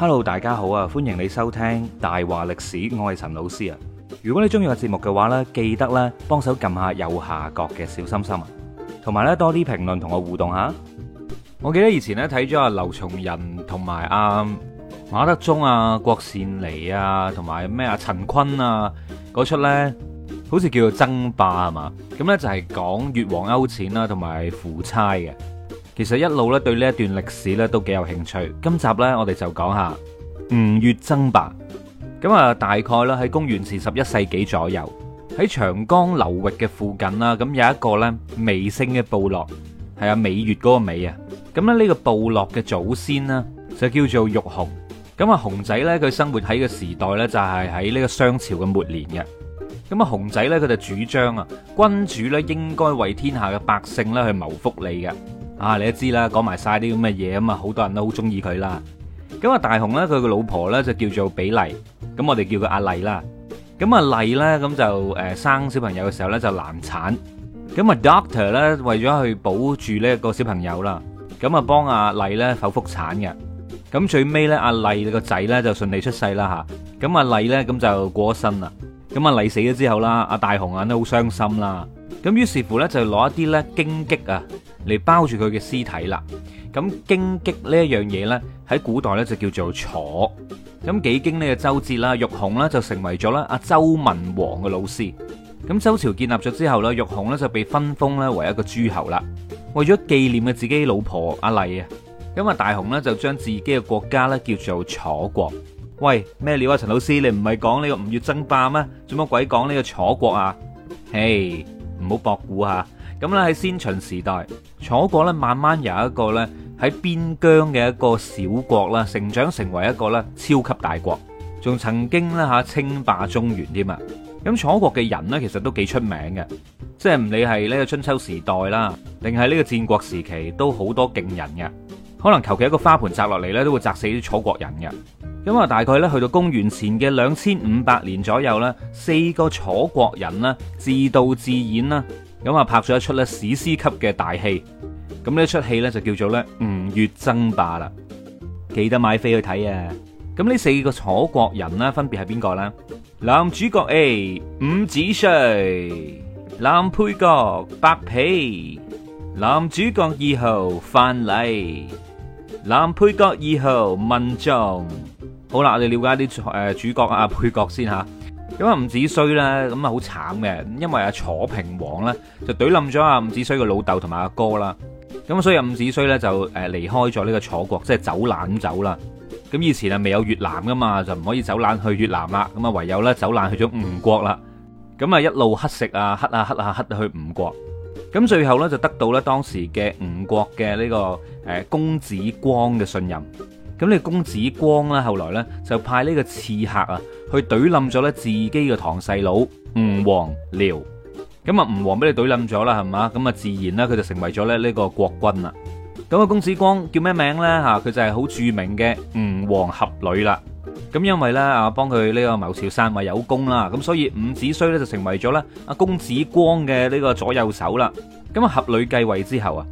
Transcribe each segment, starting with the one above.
Hello，大家好啊！歡迎你收聽大話歷史，我係陳老師啊！如果你中意我節目嘅話呢，記得呢幫手撳下右下角嘅小心心啊，同埋呢多啲評論同我互動下。我記得以前呢睇咗阿劉松仁同埋阿馬德鐘啊、郭羨妮啊同埋咩啊陳坤啊嗰出呢，好似叫做爭霸啊嘛？咁呢就係講越王勾踐啦、啊，同埋夫差嘅。其實一路咧，對呢一段歷史咧都幾有興趣。今集咧，我哋就講下吳越爭霸。咁啊，大概咧喺公元前十一世紀左右，喺長江流域嘅附近啦。咁有一個咧羋姓嘅部落係啊，羋月嗰個羋啊。咁咧呢個部落嘅祖先咧就叫做鬻熊。咁啊，熊仔呢，佢生活喺嘅時代咧就係喺呢個商朝嘅末年嘅。咁啊，熊仔呢，佢就主張啊，君主咧應該為天下嘅百姓咧去謀福利嘅。啊！你都知啦，講埋晒啲咁嘅嘢啊嘛，好多人都好中意佢啦。咁啊，大雄咧，佢個老婆咧就叫做比利，咁我哋叫佢阿麗啦。咁啊，麗咧咁就誒、呃、生小朋友嘅時候咧就難產，咁啊 doctor 咧為咗去保住咧個小朋友啦，咁啊幫阿麗咧剖腹產嘅。咁最尾咧阿麗個仔咧就順利出世啦吓。咁阿麗咧咁就過咗身啦。咁阿麗死咗之後啦，阿、啊、大雄啊都好傷心啦。咁於是乎咧就攞一啲咧荊棘啊。嚟包住佢嘅屍體啦。咁荊棘呢一樣嘢咧，喺古代咧就叫做楚。咁幾經呢個周折啦，玉雄呢就成為咗啦阿周文王嘅老師。咁周朝建立咗之後咧，玉雄呢就被分封咧為一個諸侯啦。為咗紀念嘅自己老婆阿麗啊，咁啊大雄呢就將自己嘅國家咧叫做楚國。喂，咩料啊？陳老師，你唔係講呢個吳越爭霸咩？做乜鬼講呢個楚國啊？嘿、hey,，唔好博古吓。咁咧喺先秦時代，楚國咧慢慢由一個咧喺邊疆嘅一個小國啦，成長成為一個咧超級大國，仲曾經咧吓稱霸中原添啊！咁楚國嘅人呢，其實都幾出名嘅，即係唔理係呢個春秋時代啦，定係呢個戰國時期，都好多勁人嘅。可能求其一個花盆砸落嚟咧，都會砸死啲楚國人嘅。咁啊，大概咧去到公元前嘅兩千五百年左右啦，四個楚國人呢，自導自演啦。咁啊拍咗一出咧史詩級嘅大戲，咁呢出戲咧就叫做咧吳越爭霸啦，記得買飛去睇啊！咁呢四個楚國人啦，分別係邊個啦？男主角 A 伍子胥，男配角伯嚭，男主角二號范蠡，男配角二號文種。好啦，我哋了解啲誒主角啊配角先吓。因為伍子胥咧，咁啊好慘嘅，因為阿楚平王咧就懟冧咗阿伍子胥嘅老豆同埋阿哥啦，咁所以伍子胥咧就誒離開咗呢個楚國，即係走難走啦。咁以前啊未有越南噶嘛，就唔可以走難去越南啦，咁啊唯有咧走難去咗吳國啦。咁啊一路乞食啊乞啊乞啊乞去吳國，咁最後咧就得到咧當時嘅吳國嘅呢個誒公子光嘅信任。咁你公子光啦，後來咧就派呢個刺客啊，去懟冧咗咧自己嘅堂細佬吳王僚。咁啊吳王俾你懟冧咗啦，係嘛？咁啊自然咧佢就成為咗咧呢個國君啦。咁啊，公子光叫咩名咧？吓，佢就係好著名嘅吳王闔閭啦。咁因為咧啊幫佢呢個謀朝篡位有功啦，咁所以伍子胥咧就成為咗咧阿公子光嘅呢個左右手啦。咁啊闔閭繼位之後啊。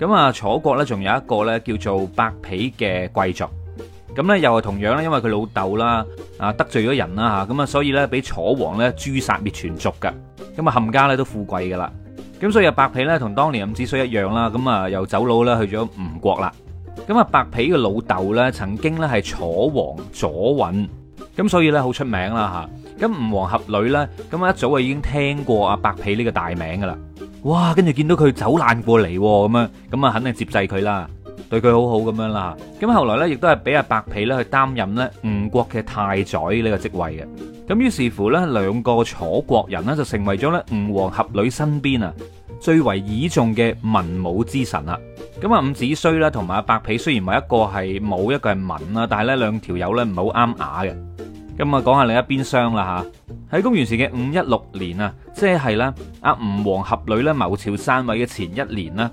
咁啊，楚國咧，仲有一個咧叫做白皮嘅貴族，咁咧又係同樣咧，因為佢老豆啦，啊得罪咗人啦吓，咁啊，所以咧俾楚王咧誅殺滅全族噶咁啊冚家咧都富貴噶啦，咁所以啊，白皮咧同當年伍子胥一樣啦，咁啊又走佬啦去咗吳國啦，咁啊白皮嘅老豆咧曾經咧係楚王左尹，咁所以咧好出名啦吓，咁吳王闔閭咧咁啊，一早啊已經聽過阿白皮呢個大名噶啦。哇，跟住見到佢走難過嚟喎，咁樣咁啊，肯定接濟佢啦，對佢好好咁樣啦。咁後來呢，亦都係俾阿白皮呢去擔任呢吳國嘅太宰呢個職位嘅。咁於是乎呢，兩個楚國人呢，就成為咗呢吳王闔閭身邊啊，最為倚重嘅文武之神啦。咁啊，伍子胥啦，同埋阿白皮雖然一個係武，一個係文啊，但係呢兩條友呢，唔係好啱眼嘅。咁啊，講下另一邊廂啦吓，喺公元前嘅五一六年啊，即係咧阿吳王闔閭咧謀朝篡位嘅前一年啦。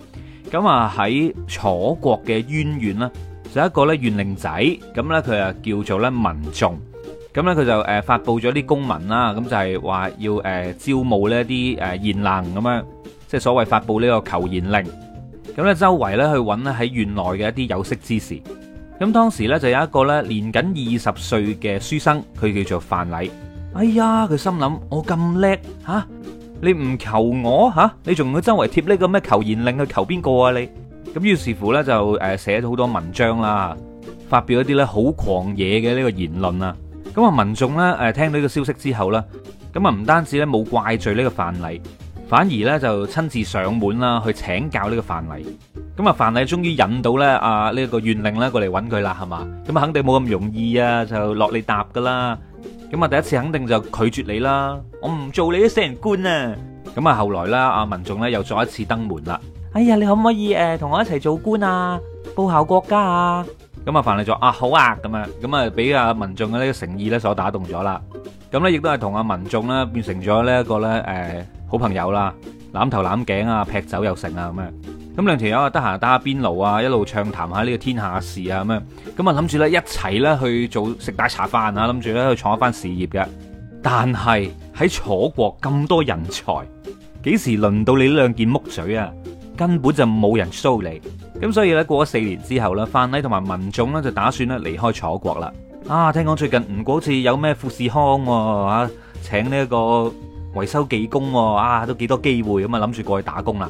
咁啊喺楚國嘅冤縣啦，就一個咧縣令仔，咁咧佢啊叫做咧民眾，咁咧佢就誒發布咗啲公文啦，咁就係話要誒招募咧啲誒賢能咁樣，即係所謂發布呢個求賢令，咁咧周圍咧去揾咧喺縣內嘅一啲有識之士。咁當時咧就有一個咧年僅二十歲嘅書生，佢叫做范禮。哎呀，佢心諗我咁叻嚇，你唔求我嚇、啊，你仲要周圍貼呢個咩求賢令去求邊個啊？你咁於是乎咧就誒寫咗好多文章啦，發表一啲咧好狂野嘅呢個言論啊。咁啊，民眾咧誒聽到呢個消息之後咧，咁啊唔單止咧冇怪罪呢個范禮。反而咧就親自上門啦，去請教呢個范蠡。咁啊，范蠡終於引到咧啊呢一個縣令咧過嚟揾佢啦，係嘛？咁啊，肯定冇咁容易啊，就落嚟答噶啦。咁啊，第一次肯定就拒絕你啦。我唔做你啲死人官啊。咁啊，後來啦，啊民眾咧又再一次登門啦。哎呀，你可唔可以誒同我一齊做官啊？報效國家啊？咁啊，范蠡就啊好啊咁樣。咁啊，俾啊民眾嘅呢個誠意咧所打動咗啦。咁咧亦都係同啊民眾咧變成咗呢一個咧誒。好朋友啦、啊，攬頭攬頸啊，劈酒又成啊咁樣。咁兩條友啊，得閒打下邊爐啊，一路暢談下呢個天下事啊咁樣。咁啊，諗住咧一齊咧去做食大茶飯啊，諗住咧去創一番事業嘅。但係喺楚國咁多人才，幾時輪到你呢兩件木嘴啊？根本就冇人 show 你。咁所以咧，過咗四年之後咧，范蠡同埋文種咧就打算咧離開楚國啦。啊，聽講最近唔過好似有咩富士康啊，請呢、這、一個。維修技工喎，啊，都幾多機會咁啊，諗住過去打工啦。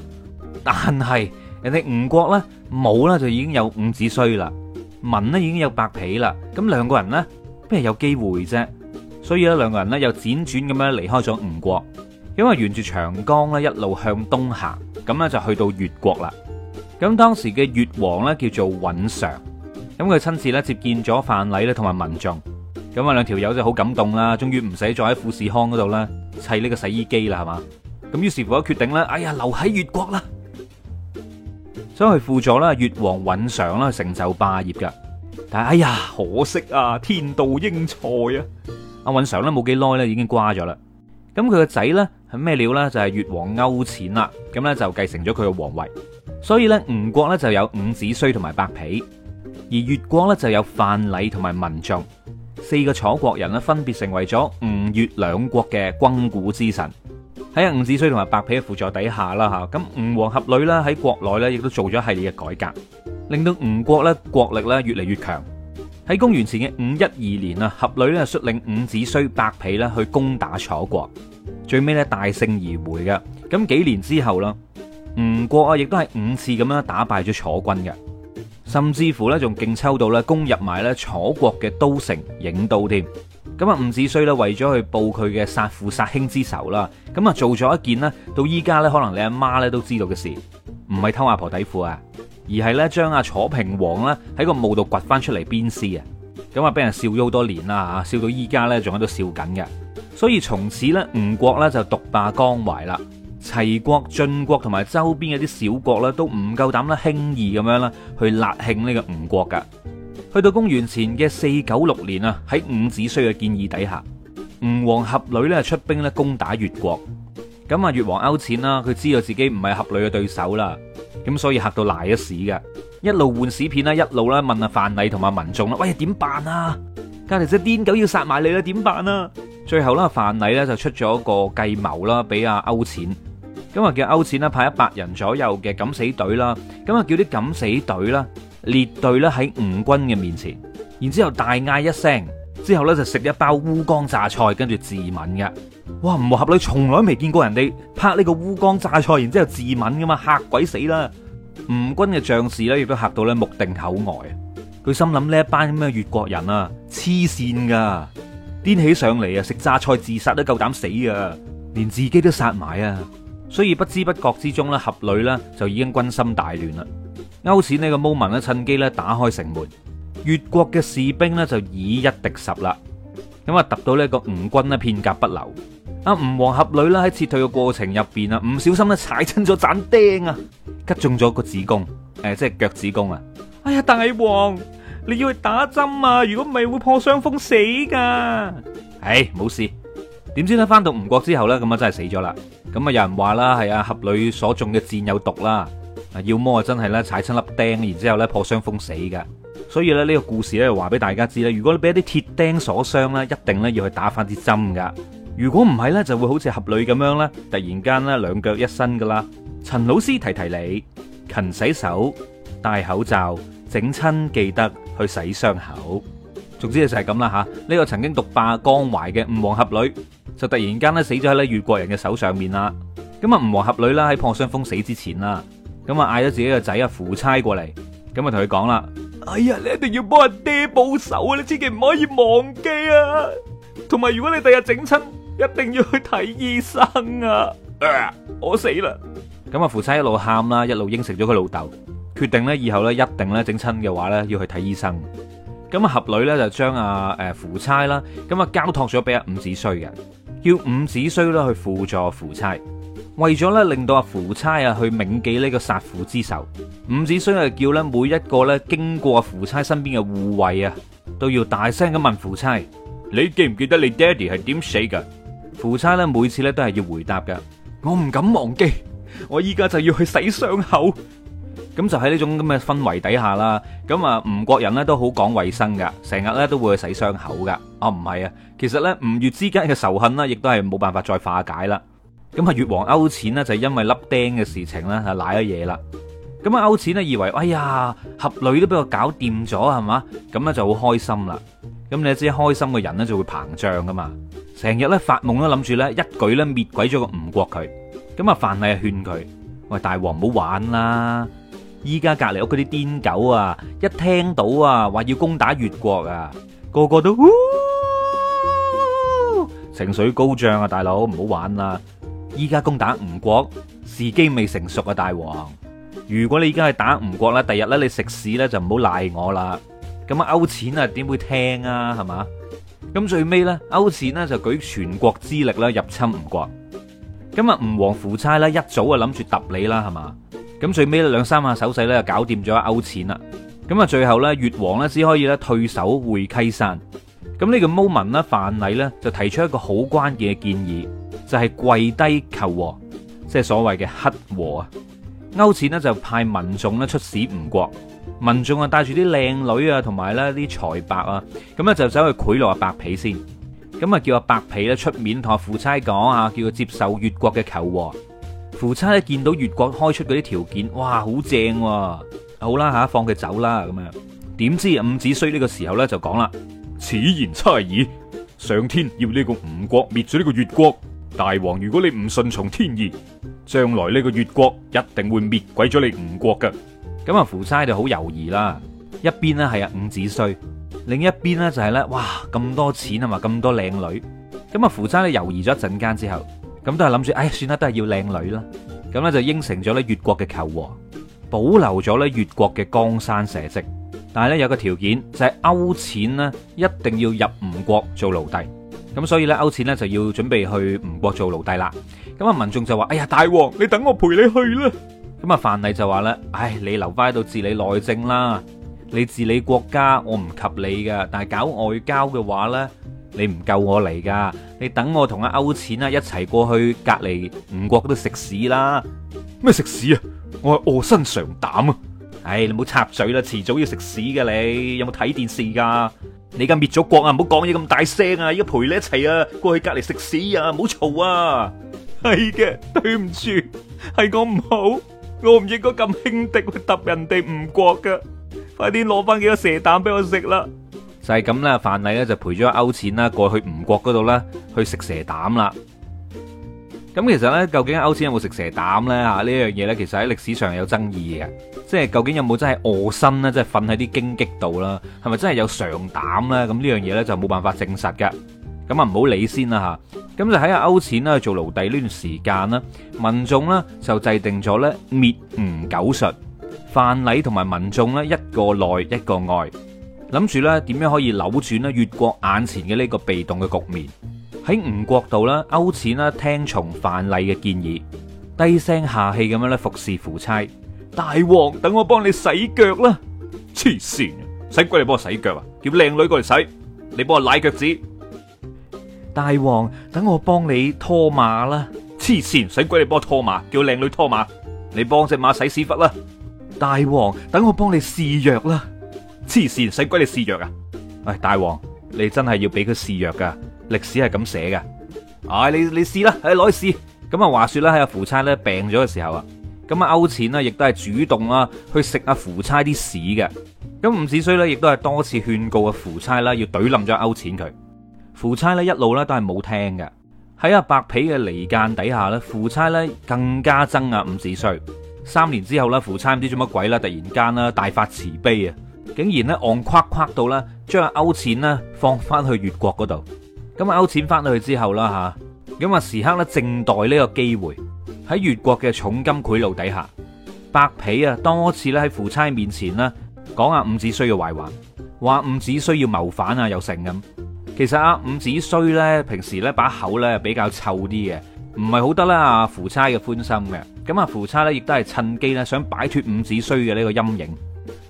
但係人哋吳國呢，武呢就已經有伍子胥啦，文呢已經有白皮啦。咁兩個人咧邊有機會啫？所以呢，兩個人呢又輾轉咁樣離開咗吳國，因為沿住長江呢一路向東行，咁呢，就去到越國啦。咁當時嘅越王呢，叫做允常，咁佢親自呢接見咗范禮咧同埋民眾。咁啊，兩條友就好感動啦，終於唔使再喺富士康嗰度啦，砌呢個洗衣機啦，係嘛咁。於是乎，決定咧，哎呀，留喺越國啦，想去輔助啦越王允常啦，成就霸業噶。但係，哎呀，可惜啊，天妒英才啊！阿、啊、允常咧，冇幾耐咧，已經瓜咗啦。咁佢個仔咧係咩料咧？就係、是、越王勾踐啦。咁咧就繼承咗佢嘅王位，所以咧吳國咧就有伍子胥同埋伯嚭，而越國咧就有范蠡同埋文種四個楚國人啦，分別成為咗吳越兩國嘅軍鼓之臣。喺伍子胥同埋伯嚭嘅輔助底下啦，吓咁吳王闔閭啦喺國內咧亦都做咗系列嘅改革，令到吳國咧國力咧越嚟越強。喺公元前嘅五一二年啊，闔閭咧率領伍子胥、伯嚭咧去攻打楚國，最尾咧大勝而回嘅。咁幾年之後啦，吳國啊亦都係五次咁樣打敗咗楚軍嘅。甚至乎咧，仲勁抽到咧攻入埋咧楚國嘅都城郢都添。咁啊，伍子胥咧為咗去報佢嘅殺父殺兄之仇啦，咁啊做咗一件咧，到依家咧可能你阿媽咧都知道嘅事，唔係偷阿婆底褲啊，而係咧將阿楚平王咧喺個墓度掘翻出嚟鞭屍啊！咁啊，俾人笑咗好多年啦吓，笑到依家咧仲喺度笑緊嘅。所以從此咧吳國咧就獨霸江淮啦。齊國、晉國同埋周邊嘅啲小國咧，都唔夠膽啦，輕易咁樣啦，去勒慶呢個吳國噶。去到公元前嘅四九六年啊，喺伍子胥嘅建議底下，吳王闔閭咧出兵咧攻打越國。咁啊，越王勾踐啦，佢知道自己唔係闔閭嘅對手啦，咁所以吓到賴一屎噶，一路換屎片啦，一路啦問阿范蠡同埋民眾啦，喂點辦啊？隔籬隻癲狗要殺埋你啦，點辦啊？最後啦，范蠡咧就出咗個計謀啦，俾阿勾踐。咁啊！叫勾踐啦，派一百人左右嘅敢死隊啦。咁啊，叫啲敢死隊啦，列隊啦，喺吳軍嘅面前，然之後大嗌一聲，之後咧就食一包烏江榨菜，跟住自刎嘅。哇！吳合女從來未見過人哋拍呢個烏江榨菜，然之後自刎噶嘛，嚇鬼死啦！吳軍嘅將士咧，亦都嚇到咧目定口呆。佢心諗呢一班咁嘅越國人啊，黐線噶，癲起上嚟啊，食榨菜自殺都夠膽死噶，連自己都殺埋啊！所以不知不覺之中咧，闔閭呢就已經軍心大亂啦。勾踐呢個 moment 咧，趁機咧打開城門，越國嘅士兵呢就以一敵十啦。咁啊，揼到呢個吳軍呢片甲不留。啊，吳王闔閭呢喺撤退嘅過程入邊啊，唔小心咧踩親咗盞釘啊，吉中咗個子宮，誒、呃，即係腳趾公啊。哎呀，大王，你要去打針啊？如果唔係會破傷風死噶。唉、哎，冇事。點知咧翻到吳國之後咧，咁啊真係死咗啦。咁啊！有人話啦，係阿闔閭所中嘅箭有毒啦，要麼真係咧踩親粒釘，然之後咧破傷風死噶。所以咧呢、這個故事咧就話俾大家知啦，如果你俾一啲鐵釘所傷咧，一定咧要去打翻啲針噶。如果唔係咧，就會好似闔閭咁樣咧，突然間咧兩腳一伸噶啦。陳老師提提你，勤洗手，戴口罩，整親記得去洗傷口。總之就係咁啦吓。呢、這個曾經毒霸江淮嘅吳王闔閭，就突然間咧死咗喺咧越國人嘅手上面啦。咁啊吳王闔閭啦喺破傷風死之前啦，咁啊嗌咗自己個仔啊夫差過嚟，咁啊同佢講啦：哎呀，你一定要幫阿爹報仇啊！你千祈唔可以忘記啊！同埋如果你第日整親，一定要去睇醫生啊！啊我死啦！咁啊夫差一路喊啦，一路應承咗佢老豆，決定咧以後咧一定咧整親嘅話咧要去睇醫生。咁、嗯、啊闔閭咧就將阿誒夫差啦，咁啊交託咗俾阿伍子胥嘅。叫伍子胥啦去輔助輔助夫差，為咗咧令到阿夫差啊去銘記呢個殺父之仇，伍子胥係叫咧每一個咧經過夫差身邊嘅護衛啊，都要大聲咁問夫差，你記唔記得你爹哋係點死噶夫差咧每次咧都係要回答噶：我唔敢忘記，我依家就要去洗傷口。咁就喺呢種咁嘅氛圍底下啦。咁啊，吳國人咧都好講衞生噶，成日咧都會去洗傷口噶。啊、哦，唔係啊，其實咧吳越之間嘅仇恨啦，亦都係冇辦法再化解啦。咁啊，越王勾踐呢，就因為粒釘嘅事情咧，係賴咗嘢啦。咁啊，勾踐呢，以為哎呀，闔閭都俾我搞掂咗係嘛？咁咧就好開心啦。咁你知開心嘅人咧就會膨脹噶嘛，成日咧發夢都諗住咧一舉咧滅鬼咗個吳國佢。咁啊，范蠡啊勸佢喂，大王唔好玩啦。依家隔籬屋嗰啲癲狗啊，一聽到啊話要攻打越國啊，個個都、呃、情緒高漲啊！大佬唔好玩啦！依家攻打吳國時機未成熟啊，大王！如果你依家係打吳國咧，第日咧你食屎咧就唔好賴我啦！咁啊，勾踐啊點會聽啊係嘛？咁最尾咧，勾踐呢就舉全國之力咧入侵吳國。咁啊，吳王夫差咧一早啊諗住揼你啦係嘛？咁最尾咧兩三下手勢咧就搞掂咗勾踐啦，咁啊最後咧越王呢，只可以咧退守會稽山，咁呢個 moment 呢，范蠡咧就提出一個好關鍵嘅建議，就係、是、跪低求和，即係所謂嘅乞和啊。勾踐咧就派民眾咧出使吳國，民眾啊帶住啲靚女啊同埋咧啲財帛啊，咁咧就走去賄賂阿白皮先，咁啊叫阿白皮呢出面同阿夫差講啊，叫佢接受越國嘅求和。夫差咧見到越國開出嗰啲條件，哇，好正，啊！好啦吓，放佢走啦咁樣。點知伍子胥呢個時候咧就講啦：此言差矣，上天要呢個吳國滅咗呢個越國，大王如果你唔順從天意，將來呢個越國一定會滅鬼咗你吳國嘅。咁啊，夫差就好猶豫啦。一邊呢係啊伍子胥，另一邊呢就係、是、咧，哇，咁多錢啊嘛，咁多靚女。咁啊，夫差咧猶豫咗一陣間之後。咁都係諗住，哎，算啦，都係要靚女啦。咁咧就應承咗咧越國嘅求和，保留咗咧越國嘅江山社稷，但係咧有個條件就係勾踐咧一定要入吳國做奴隸。咁所以咧勾踐咧就要準備去吳國做奴隸啦。咁啊民眾就話：，哎呀，大王，你等我陪你去啦。咁啊范蠡就話啦：，唉，你留翻喺度治理內政啦，你治理國家，我唔及你噶。但係搞外交嘅話咧。你唔夠我嚟噶，你等我同阿勾踐啦一齊過去隔籬吳國度食屎啦！咩食屎啊？我係臥薪嘗膽啊！唉，你唔好插嘴啦，遲早要食屎噶你！有冇睇電視噶啊？你而家滅咗國啊！唔好講嘢咁大聲啊！而家陪你一齊啊，過去隔籬食屎啊！唔好嘈啊！係嘅，對唔住，係我唔好，我唔應該咁輕敵去揼人哋吳國噶。快啲攞翻幾個蛇膽俾我食啦！就係咁啦，范蠡咧就陪咗勾踐啦，過去吳國嗰度啦，去食蛇膽啦。咁其實咧，究竟勾踐有冇食蛇膽咧？啊，呢一樣嘢咧，其實喺歷史上有爭議嘅，即係究竟有冇真係臥薪咧，即係瞓喺啲荊棘度啦，係咪真係有嘗膽咧？咁呢樣嘢咧就冇辦法證實嘅。咁啊唔好理先啦吓，咁、啊、就喺阿勾踐咧做奴隸呢段時間啦，文種呢就制定咗咧滅吳九術，范蠡同埋文種呢，一個內一個外，一個外。諗住咧，點樣可以扭轉咧？越國眼前嘅呢個被動嘅局面，喺吳國度咧，勾踐啦，聽從范蠡嘅建議，低聲下氣咁樣咧服侍夫差。大王，等我幫你洗腳啦！黐線，使鬼你幫我洗腳啊！叫靚女過嚟洗，你幫我舐腳趾。大王，等我幫你拖馬啦！黐線，使鬼你幫我拖馬，叫靚女拖馬，你幫隻馬洗屎忽啦！大王，等我幫你試藥啦！黐線，使鬼你試藥啊！誒、哎，大王，你真係要俾佢試藥噶？歷史係咁寫嘅。唉、啊，你你試啦，誒攞去試。咁啊，話説啦，喺阿夫差咧病咗嘅時候啊，咁啊，勾踐呢，亦都係主動啦去食阿夫差啲屎嘅。咁伍子胥呢，亦都係多次勸告阿夫差啦，要懟冧咗勾踐佢。夫差呢，一路咧都係冇聽嘅。喺阿白皮嘅離間底下咧，夫差咧更加憎阿伍子胥。三年之後咧，夫差唔知做乜鬼啦，突然間啦大發慈悲啊！竟然咧戇誇誇到啦，將阿勾踐呢放翻去越國嗰度。咁阿勾踐翻到去之後啦吓，咁啊時刻咧靜待呢個機會，喺越國嘅重金賄賂底下，伯嚭啊多次咧喺夫差面前呢講阿伍子胥嘅壞話，話伍子胥要謀反啊有成咁。其實阿伍子胥咧平時咧把口咧比較臭啲嘅，唔係好得啦阿夫差嘅歡心嘅。咁阿夫差咧亦都係趁機咧想擺脱伍子胥嘅呢個陰影。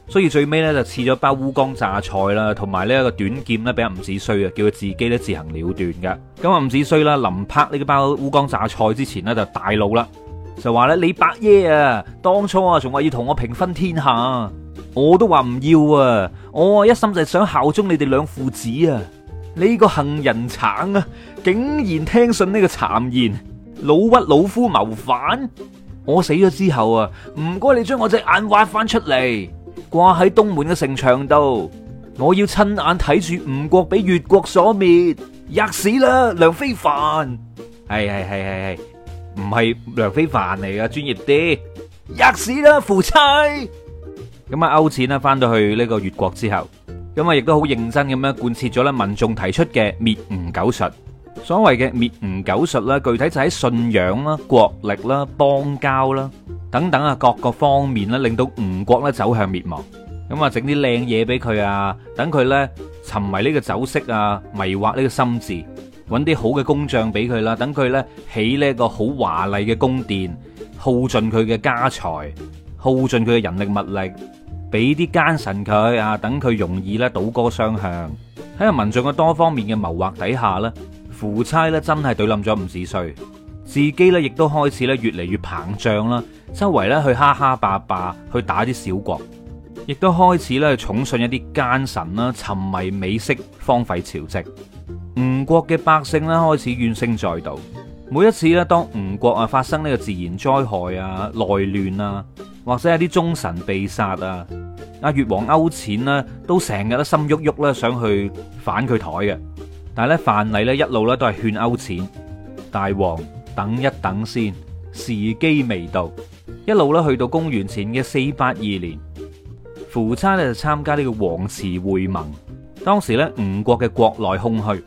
所以最尾咧就賜咗包烏江榨菜啦，同埋呢一個短劍咧俾阿吳子胥啊，叫佢自己咧自行了斷噶。咁阿吳子胥啦，臨拍呢個包烏江榨菜之前咧就大怒啦，就話咧，你伯爺啊，當初啊仲話要同我平分天下，我都話唔要啊，我一心就係想效忠你哋兩父子啊，你個杏仁橙啊，竟然聽信呢個讒言，老屈老夫謀反，我死咗之後啊，唔該你將我隻眼挖翻出嚟。掛喺東門嘅城牆度，我要親眼睇住吳國俾越國所滅。吔屎啦，梁非凡！係係係係係，唔係梁非凡嚟噶，專業啲。吔屎啦，夫妻！咁啊，勾踐呢返到去呢個越國之後，咁啊，亦都好認真咁樣貫徹咗啦，民眾提出嘅滅吳九術。所謂嘅滅吳九術啦，具體就喺信仰啦、國力啦、邦交啦等等啊，各個方面啦，令到吳國咧走向滅亡。咁啊，整啲靚嘢俾佢啊，等佢咧沉迷呢個酒色啊，迷惑呢個心智，揾啲好嘅工匠俾佢啦，等佢咧起呢一個好華麗嘅宮殿，耗盡佢嘅家財，耗盡佢嘅人力物力，俾啲奸臣佢啊，等佢容易咧倒戈雙向喺民眾嘅多方面嘅謀劃底下啦。夫差咧真係對冧咗吳子胥，自己咧亦都開始咧越嚟越膨脹啦，周圍咧去哈哈霸霸，去打啲小國，亦都開始咧寵信一啲奸臣啦，沉迷美色，荒廢朝政。吳國嘅百姓咧開始怨聲載道，每一次咧當吳國啊發生呢個自然災害啊、內亂啊，或者係啲忠臣被殺啊，阿越王勾踐咧都成日都心郁郁咧想去反佢台嘅。但係咧，范蠡咧一路咧都係勸勾踐，大王等一等先，時機未到。一路咧去到公元前嘅四八二年，夫差呢就參加呢個黃池會盟。當時咧吳國嘅國內空虛，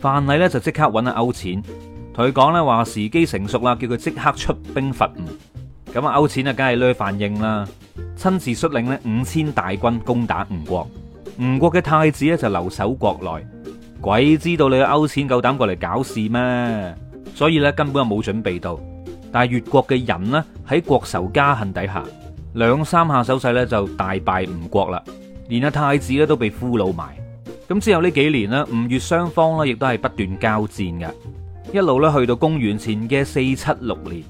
范蠡咧就即刻揾阿勾踐，同佢講咧話，時機成熟啦，叫佢即刻出兵伐吳。咁阿勾踐啊，梗係去反應啦，親自率領咧五千大軍攻打吳國。吳國嘅太子咧就留守國內。鬼知道你勾踐夠膽過嚟搞事咩？所以咧根本就冇準備到。但係越國嘅人呢，喺國仇家恨底下，兩三下手勢咧就大敗吳國啦，連阿太子咧都被俘虜埋。咁之後呢幾年呢，吳越雙方呢，亦都係不斷交戰嘅，一路呢，去到公元前嘅四七六年，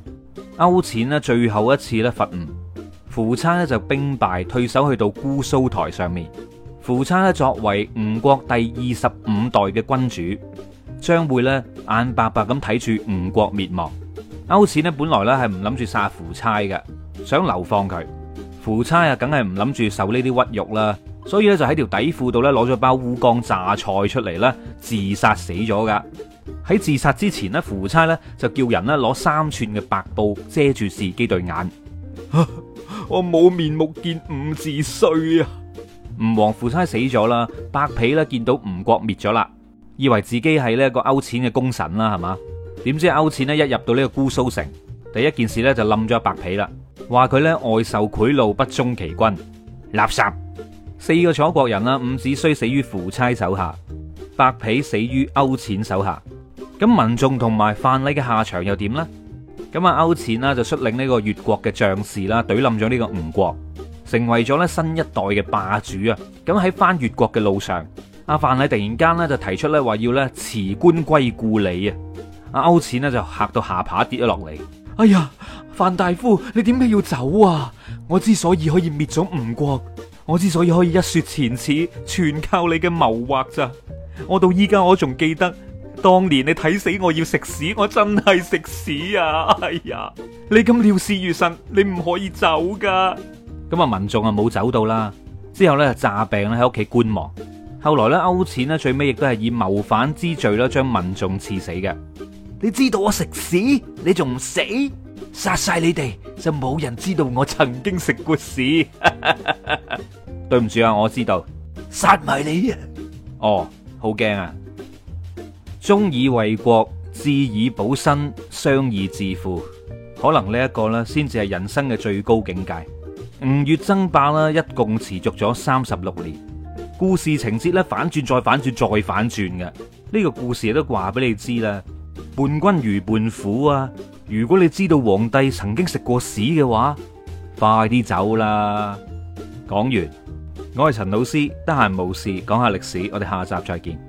勾踐呢，最後一次咧伐吳，夫差呢，就兵敗退守去到姑蘇台上面。夫差咧作為吳國第二十五代嘅君主，將會呢眼白白咁睇住吳國滅亡。勾踐呢本來咧係唔諗住殺夫差嘅，想流放佢。夫差啊，梗係唔諗住受呢啲屈辱啦，所以呢就喺條底褲度呢攞咗包烏江榨菜出嚟呢，自殺死咗噶。喺自殺之前呢，夫差呢就叫人咧攞三寸嘅白布遮住自己對眼， 我冇面目見伍子胥啊！吳王夫差死咗啦，白皮呢見到吳國滅咗啦，以為自己係呢個勾踐嘅功臣啦，係嘛？點知勾踐呢一入到呢個姑蘇城，第一件事呢就冧咗白皮啦，話佢呢外受賄賂不忠其君，垃圾喪！四個楚國人啦，伍子胥死於夫差手下，白皮死於勾踐手下，咁文種同埋范蠡嘅下場又點呢？咁啊勾踐呢就率領呢個越國嘅將士啦，懟冧咗呢個吳國。成為咗咧新一代嘅霸主啊！咁喺返越國嘅路上，阿范蠡突然間咧就提出咧話要咧辭官歸故里啊！阿勾踐咧就吓到下巴跌咗落嚟。哎呀，范大夫，你點解要走啊？我之所以可以滅咗吳國，我之所以可以一雪前恥，全靠你嘅謀劃咋！我到依家我仲記得當年你睇死我要食屎，我真係食屎啊！哎呀，你咁料事如神，你唔可以走噶！咁啊！民眾啊冇走到啦，之後咧就詐病咧喺屋企觀望。後來咧勾踐呢，最尾亦都係以謀反之罪咧將民眾刺死嘅。你知道我食屎，你仲唔死？殺晒你哋就冇人知道我曾經食過屎。 對唔住啊，我知道。殺埋你啊！哦，好驚啊！忠以為國，智以保身，商以致富，可能呢一個呢，先至係人生嘅最高境界。吳越爭霸啦，一共持續咗三十六年。故事情節咧，反轉再反轉再反轉嘅。呢、呢個故事都話俾你知啦，伴君如伴虎啊！如果你知道皇帝曾經食過屎嘅話，快啲走啦！講完，我係陳老師，得閒冇事講下歷史，我哋下集再見。